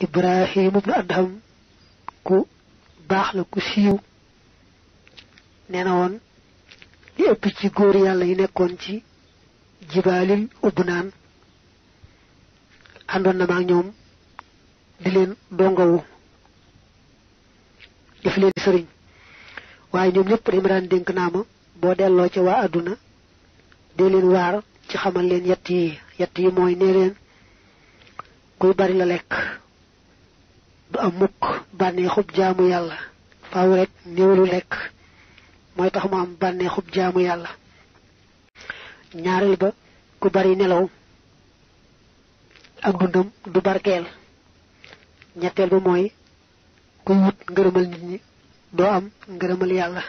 ibrahim ibn adham ku baax la ku siiw neena won li ëpp ci góor yàlla yi nekkoon ci jibaalil ubnaan àndoon na maag ñoom di leen dongawu def leen sëriñ waaye ñoom ñëpp imran dénk naa ma boo delloo ca waa àdduna ci xamal leen yett yi yett yi mooy bari la lekk am mukk bànnee xub jaamu yàlla faaw rek néewlu lekk mooy tax mu am bànnee xub jaamu yàlla ñaareel ba ku bari nelaw ak dundam du barkeel ñetteel ba mooy ku wut ngërëmal nit ñi doo am ngërëmal yàlla